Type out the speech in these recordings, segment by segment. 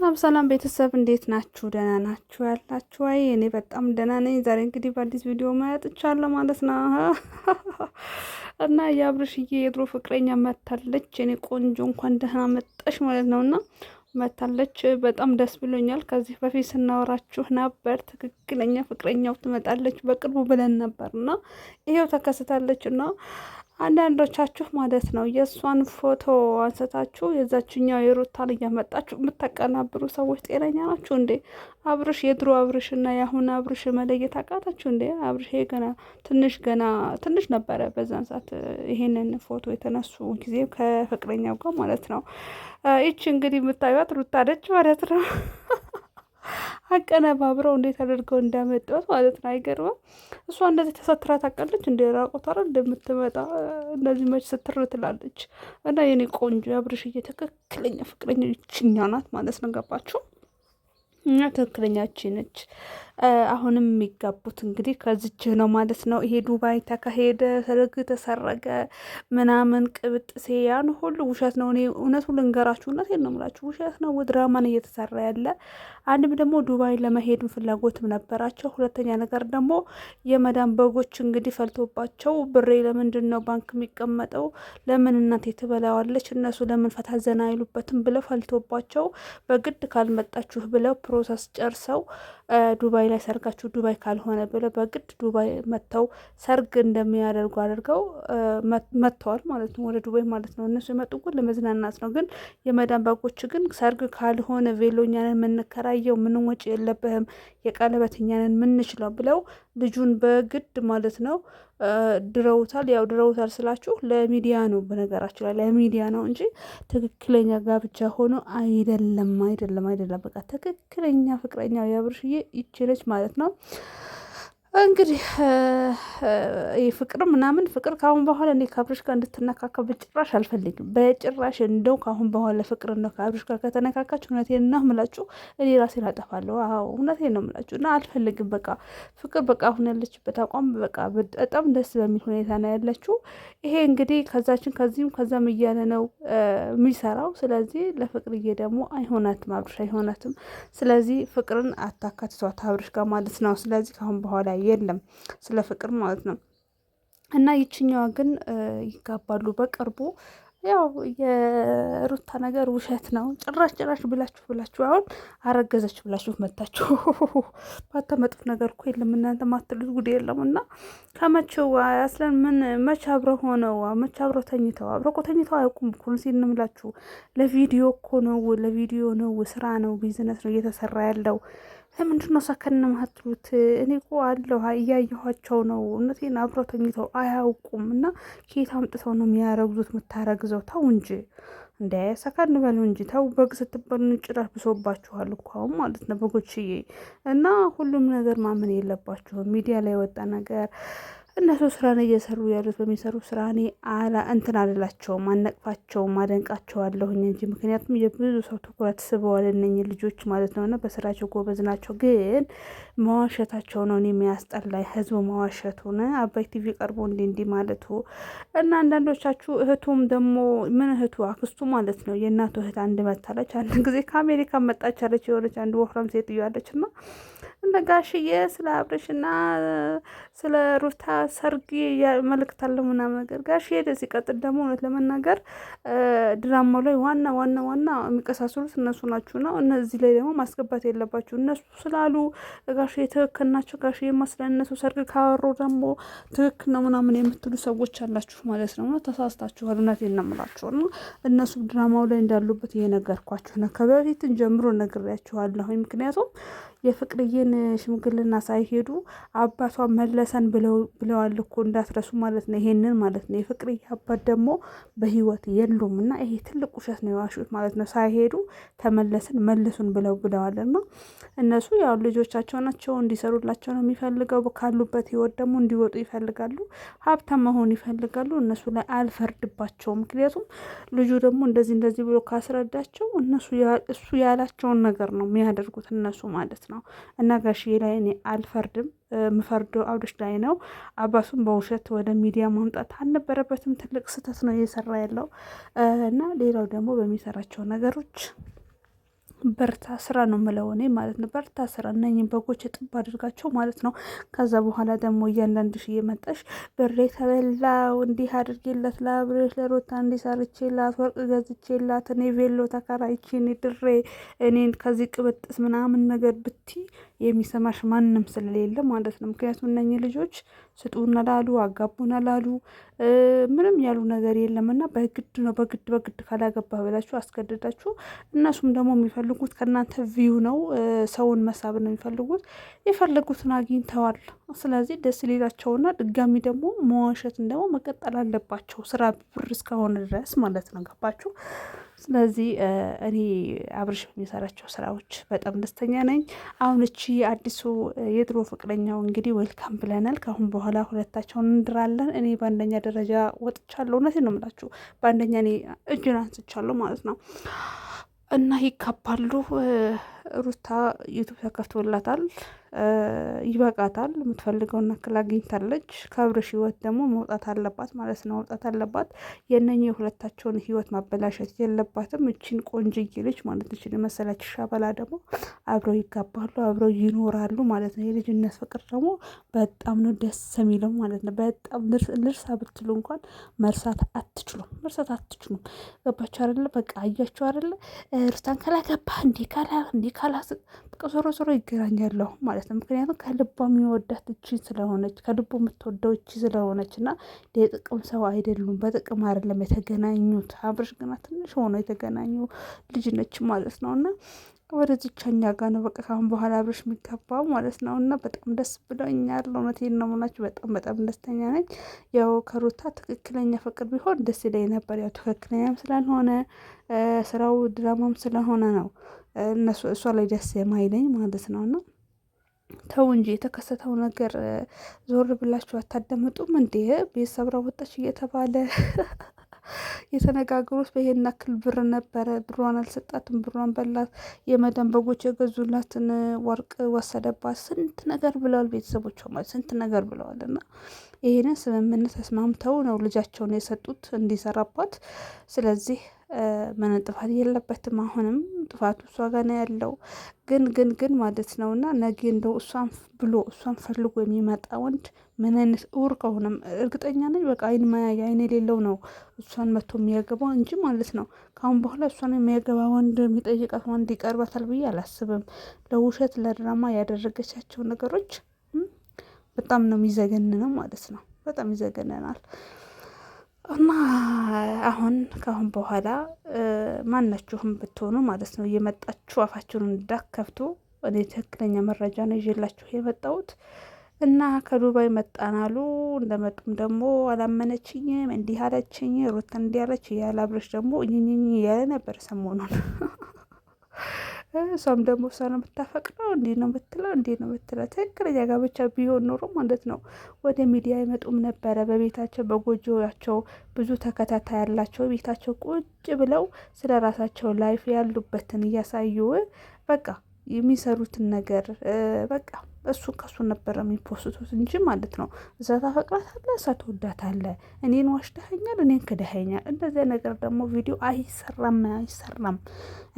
ሰላም ሰላም ቤተሰብ እንዴት ናችሁ? ደህና ናችሁ ያላችሁ? አይ እኔ በጣም ደህና ነኝ። ዛሬ እንግዲህ በአዲስ ቪዲዮ መጥቻለሁ ማለት ነው እና የአብርሽዬ የድሮ ፍቅረኛ መታለች። እኔ ቆንጆ እንኳን ደህና መጣሽ ማለት ነው እና መታለች። በጣም ደስ ብሎኛል። ከዚህ በፊት ስናወራችሁ ነበር፣ ትክክለኛ ፍቅረኛው ትመጣለች በቅርቡ ብለን ነበር እና ይሄው ተከስታለች እና አንዳንዶቻችሁ ማለት ነው የእሷን ፎቶ አንስታችሁ የዛችኛው የሩታን እያመጣችሁ የምታቀናብሩ ሰዎች ጤነኛ ናችሁ እንዴ? አብርሽ የድሮ አብርሽ እና የአሁን አብርሽ መለየት አቃታችሁ እንዴ? አብርሽ ገና ትንሽ ገና ትንሽ ነበረ በዛን ሰዓት ይሄንን ፎቶ የተነሱ ጊዜ ከፍቅረኛው ጋር ማለት ነው። ይች እንግዲህ የምታዩት ሩታ ደች ማለት ነው። አቀነባብረው እንዴት አድርገው እንዳመጧት ማለት ነው። አይገርምም? እሷ እንደዚህ ተሰትራ ታውቃለች? እንደ ራቆት እንደምትመጣ እንደዚህ መች ስትር ትላለች። እና የኔ ቆንጆ የአብርሽዬ ትክክለኛ ፍቅረኛ ይችኛ ናት ማለት ነው። ገባችሁ? እና ትክክለኛችን ነች። አሁንም የሚጋቡት እንግዲህ ከዚች ነው ማለት ነው። ይሄ ዱባይ ተካሄደ፣ ሰርግ ተሰረገ፣ ምናምን ቅብጥሴ ያን ሁሉ ውሸት ነው። እኔ እውነቱ ልንገራችሁ፣ እውነቴን ነው የምላችሁ፣ ውሸት ነው። ድራማን እየተሰራ ያለ አንድም ደግሞ ዱባይ ለመሄድም ፍላጎትም ነበራቸው። ሁለተኛ ነገር ደግሞ የመዳን በጎች እንግዲህ ፈልቶባቸው ብሬ ለምንድን ነው ባንክ የሚቀመጠው? ለምን እናቴ ትበላዋለች? እነሱ ለምን ፈታ ዘና አይሉበትም? ብለው ፈልቶባቸው በግድ ካልመጣችሁ ብለው ፕሮሰስ ጨርሰው ዱባይ ላይ ሰርጋችሁ ዱባይ ካልሆነ ብለው በግድ ዱባይ መጥተው ሰርግ እንደሚያደርጉ አድርገው መጥተዋል ማለት ነው፣ ወደ ዱባይ ማለት ነው። እነሱ የመጡ እኮ ለመዝናናት ነው። ግን የመዳን በጎች ግን ሰርግ ካልሆነ ቬሎኛንን የምንከራየው ምንም ወጪ የለብህም የቀለበትኛንን ምንችለው ብለው ልጁን በግድ ማለት ነው ድረውታል። ያው ድረውታል ስላችሁ ለሚዲያ ነው፣ በነገራችሁ ላይ ለሚዲያ ነው እንጂ ትክክለኛ ጋብቻ ሆኖ አይደለም፣ አይደለም፣ አይደለም። በቃ ትክክለኛ ፍቅረኛው የአብርሽዬ ይችለች ማለት ነው። እንግዲህ ይህ ፍቅር ምናምን ፍቅር ከአሁን በኋላ እኔ ከአብርሽ ጋር እንድትነካካ በጭራሽ አልፈልግም። በጭራሽ እንደው ከአሁን በኋላ ፍቅር ነው ከአብርሽ ጋር ከተነካካች እውነቴን ነው ምላችሁ እኔ ራሴን አጠፋለሁ። አዎ እውነቴን ነው ምላችሁ እና አልፈልግም። በቃ ፍቅር በቃ አሁን ያለችበት አቋም በቃ በጣም ደስ በሚል ሁኔታ ነው ያለችው። ይሄ እንግዲህ ከዛችን ከዚህም ከዛም እያለ ነው የሚሰራው። ስለዚህ ለፍቅርዬ ደግሞ አይሆናትም፣ አብርሽ አይሆናትም። ስለዚህ ፍቅርን አታካትቷት አብርሽ ጋር ማለት ነው። ስለዚህ ከአሁን በኋላ የለም ስለ ፍቅር ማለት ነው። እና ይችኛዋ ግን ይጋባሉ በቅርቡ። ያው የሩታ ነገር ውሸት ነው። ጭራሽ ጭራሽ ብላችሁ ብላችሁ አሁን አረገዘች ብላችሁ መታችሁ። ባታመጡት ነገር እኮ የለም እናንተ ማትሉት ጉድ የለም። እና ከመቼው አስለን ምን መቼ አብረው ሆነው መቼ አብረው ተኝተው አብረው እኮ ተኝተው አያውቁም እኮ ነው እንምላችሁ። ለቪዲዮ እኮ ነው ለቪዲዮ ነው ስራ ነው ቢዝነስ ነው እየተሰራ ያለው ለምንድን ነው ሰከን ማትሉት? እኔ እኮ አለሁ እያየኋቸው ነው። እውነቴን አብረው ተኝተው አያውቁም። እና ኬት አምጥተው ነው የሚያረግዙት? የምታረግዘው ተው እንጂ እንደ ሰከን በሉ እንጂ ተው። በግ ስትባሉ ጭራሽ ብሶባችኋል እኮ አሁን ማለት ነው በጎችዬ። እና ሁሉም ነገር ማመን የለባችሁም። ሚዲያ ላይ የወጣ ነገር እነሱ ስራን እየሰሩ ያሉት በሚሰሩ ስራ እኔ አላ እንትን አልላቸውም፣ አነቅፋቸውም፣ አደንቃቸዋለሁኝ እንጂ ምክንያቱም የብዙ ሰው ትኩረት ስበዋል እነኝ ልጆች ማለት ነውና በስራቸው ጎበዝ ናቸው። ግን መዋሸታቸው ነው እኔ የሚያስጠላኝ፣ ህዝቡ መዋሸቱን አባይ ቲቪ ቀርቦ እንዲ እንዲ ማለቱ እና አንዳንዶቻችሁ እህቱም ደግሞ ምን እህቱ አክስቱ ማለት ነው የእናቱ እህት አንድ መታለች፣ አንድ ጊዜ ከአሜሪካ መጣች አለች የሆነች አንድ ወፍራም ሴትዮ አለች እና እነጋሽዬ ስለ አብርሽና ስለ ሩታ ሰርግ መልእክት አለ ምናምን ነገር ጋሽዬ ደስ ይቀጥል። ደግሞ እውነት ለመናገር ድራማ ላይ ዋና ዋና ዋና የሚቀሳሰሉት እነሱ ናችሁ ነው። እነዚህ ላይ ደግሞ ማስገባት የለባችሁ እነሱ ስላሉ ጋሽዬ ትክክል ናቸው። ጋሽዬማ ስለ እነሱ ሰርግ ካወሩ ደግሞ ትክክል ነው ምናምን የምትሉ ሰዎች አላችሁ ማለት ነው። ተሳስታችኋል። እውነቴን ነው የምላችሁ እነሱ ድራማው ላይ እንዳሉበት እየነገርኳችሁ ነው። ከበፊትን ጀምሮ ነግሬያችኋለሁ። ምክንያቱም የፍቅርዬ ግን ሽምግልና ሳይሄዱ አባቷ መለሰን ብለዋል እኮ እንዳትረሱ ማለት ነው። ይሄንን ማለት ነው የፍቅርዬ አባት ደግሞ በህይወት የሉም እና ይሄ ትልቅ ውሸት ነው የዋሹት ማለት ነው። ሳይሄዱ ተመለስን መልሱን ብለው ብለዋል እና እነሱ ያው ልጆቻቸው ናቸው እንዲሰሩላቸው ነው የሚፈልገው። ካሉበት ህይወት ደግሞ እንዲወጡ ይፈልጋሉ፣ ሀብታም መሆን ይፈልጋሉ። እነሱ ላይ አልፈርድባቸው። ምክንያቱም ልጁ ደግሞ እንደዚህ እንደዚህ ብሎ ካስረዳቸው እነሱ እሱ ያላቸውን ነገር ነው የሚያደርጉት እነሱ ማለት ነው እና ጋሽዬ ላይ እኔ አልፈርድም። ምፈርደው አብዶች ላይ ነው። አባቱን በውሸት ወደ ሚዲያ ማምጣት አልነበረበትም። ትልቅ ስህተት ነው እየሰራ ያለው እና ሌላው ደግሞ በሚሰራቸው ነገሮች በርታ ስራ ነው ምለው እኔ ማለት ነው። በርታ ስራ እነኝም በጎች ጥብ አድርጋቸው ማለት ነው። ከዛ በኋላ ደግሞ እያንዳንድሽ እየመጣሽ ብሬ ተበላው እንዲህ አድርጌላት ለአብሬሽ ለሮታ እንዲሰርቼላት ወርቅ ገዝቼላት እኔ ቬሎ ተከራይቼ እኔ ድሬ እኔን ከዚህ ቅብጥስ ምናምን ነገር ብቲ የሚሰማሽ ማንም ስለሌለ ማለት ነው። ምክንያቱም እነኝ ልጆች ስጡን አላሉ፣ አጋቡን አላሉ፣ ምንም ያሉ ነገር የለም። እና በግድ ነው በግድ በግድ ካላገባ ብላችሁ አስገደዳችሁ እነሱም ደግሞ የሚፈልጉት ከእናንተ ቪዩ ነው፣ ሰውን መሳብ ነው የሚፈልጉት። የፈለጉትን አግኝተዋል። ስለዚህ ደስ ሌላቸውና ድጋሚ ደግሞ መዋሸትን ደግሞ መቀጠል አለባቸው። ስራ ብር እስከሆነ ድረስ ማለት ነው። ገባችሁ? ስለዚህ እኔ አብርሽ የሚሰራቸው ስራዎች በጣም ደስተኛ ነኝ። አሁን እቺ አዲሱ የድሮ ፍቅረኛው እንግዲህ ወልካም ብለናል። ከአሁን በኋላ ሁለታቸውን እንድራለን። እኔ በአንደኛ ደረጃ ወጥቻለሁ። እውነቴን ነው የምላችሁ፣ በአንደኛ እኔ እጅን አንስቻለሁ ማለት ነው እና ይካባሉ ሩታ ዩቱብ ተከፍቶላታል፣ ይበቃታል፣ የምትፈልገውን ያክል አግኝታለች። ከአብርሽ ህይወት ደግሞ መውጣት አለባት ማለት ነው፣ መውጣት አለባት። የእነኝህ የሁለታቸውን ህይወት ማበላሸት የለባትም። እችን ቆንጅዬ ልጅ ማለት እችን የመሰለች ሻበላ ደግሞ አብረው ይጋባሉ፣ አብረው ይኖራሉ ማለት ነው። የልጅነት ፍቅር ደግሞ በጣም ነው ደስ የሚለው ማለት ነው። በጣም ልርሳ ብትሉ እንኳን መርሳት አትችሉም፣ መርሳት አትችሉም። ገባችሁ አይደለ? በቃ አያችሁ አይደለ? ሩታን ካላገባ እንዴ ካላ እንዴ ካላስ በቃ ዞሮ ዞሮ ይገናኛሉ ማለት ነው። ምክንያቱም ከልቧ የሚወዳት እቺ ስለሆነች ከልቡ የምትወደው እቺ ስለሆነች እና የጥቅም ሰው አይደሉም። በጥቅም አይደለም የተገናኙት። አብርሽ ግና ትንሽ ሆኖ የተገናኙ ልጅ ነች ማለት ነው እና ወደ ዝቻኛ ጋር ነው በቃ ካሁን በኋላ አብርሽ የሚገባው ማለት ነው እና በጣም ደስ ብሎኛል። እውነቴን ነው የምላችሁ፣ በጣም በጣም ደስተኛ ነኝ። ያው ከሩታ ትክክለኛ ፍቅር ቢሆን ደስ ይለኝ ነበር። ያው ትክክለኛም ስላልሆነ ስራው ድራማም ስለሆነ ነው እነሱ እሷ ላይ ደስ የማይለኝ ማለት ነው እና ተው እንጂ የተከሰተው ነገር ዞር ብላችሁ አታደምጡም እንዴ? ቤት ሰብራ ወጣች እየተባለ የተነጋገሩት በይሄን ያክል ብር ነበረ። ብሯን አልሰጣትም፣ ብሯን በላት፣ የመደን በጎች የገዙላትን ወርቅ ወሰደባት፣ ስንት ነገር ብለዋል። ቤተሰቦቿ ማለት ስንት ነገር ብለዋል። እና ይህንን ስምምነት ተስማምተው ነው ልጃቸውን የሰጡት እንዲሰራባት። ስለዚህ ምንም ጥፋት የለበትም። አሁንም ጥፋቱ እሷ ገና ያለው። ግን ግን ግን ማለት ነው እና ነገ እንደው እሷን ብሎ እሷን ፈልጎ የሚመጣ ወንድ ምን አይነት እውር ከሆነም እርግጠኛ ነኝ በቃ አይን ማያየ አይን የሌለው ነው እሷን መቶ የሚያገባው እንጂ ማለት ነው። ከአሁን በኋላ እሷን የሚያገባ ወንድ የሚጠይቃት ወንድ ይቀርባታል ብዬ አላስብም። ለውሸት ለድራማ ያደረገቻቸው ነገሮች በጣም ነው የሚዘገንነው ማለት ነው። በጣም ይዘገነናል። እና አሁን ከአሁን በኋላ ማናችሁም ብትሆኑ ማለት ነው እየመጣችሁ አፋችሁን እንዳከፍቱ። እኔ ትክክለኛ መረጃ ነው ይዤላችሁ የመጣሁት እና ከዱባይ መጣን አሉ። እንደመጡም ደግሞ አላመነችኝም፣ እንዲህ አለችኝ፣ ሩት እንዲህ አለች እያለ አብረሽ ደግሞ እኝኝኝ እያለ ነበር ሰሞኑን እሷም ደግሞ እሷ ነው የምታፈቅረው እንዴ ነው የምትለው እንዴ ነው የምትለው። ትክክለኛ ጋብቻ ቢሆን ኖሮ ማለት ነው ወደ ሚዲያ አይመጡም ነበረ። በቤታቸው በጎጆያቸው ብዙ ተከታታይ ያላቸው ቤታቸው ቁጭ ብለው ስለ ራሳቸው ላይፍ ያሉበትን እያሳዩ በቃ የሚሰሩትን ነገር በቃ እሱ ከሱ ነበረ የሚፖስቱት እንጂ ማለት ነው። እዛ ታፈቅራታለህ፣ እሷ ትወዳታለህ። እኔን ዋሽተኸኛል፣ እኔን ክደኸኛል። እንደዚያ ነገር ደግሞ ቪዲዮ አይሰራም አይሰራም።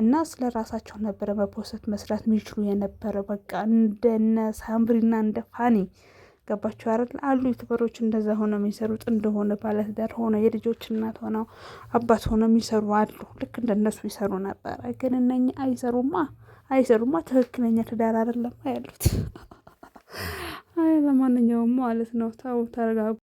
እና ስለ ራሳቸው ነበረ መፖስት መስራት የሚችሉ የነበረ በቃ እንደነ ሳምሪና እንደ ፋኒ ገባቸው አይደል አሉ ዩቱበሮች እንደዛ ሆነ የሚሰሩት እንደሆነ ባለትዳር ሆነ የልጆች እናት ሆነው አባት ሆነ የሚሰሩ አሉ። ልክ እንደነሱ ይሰሩ ነበረ። ግን እነኛ አይሰሩማ አይሰሩማ። ትክክለኛ ትዳር አይደለም ያሉት። ለማንኛውም ማለት ነው። ተው ተረጋጉ።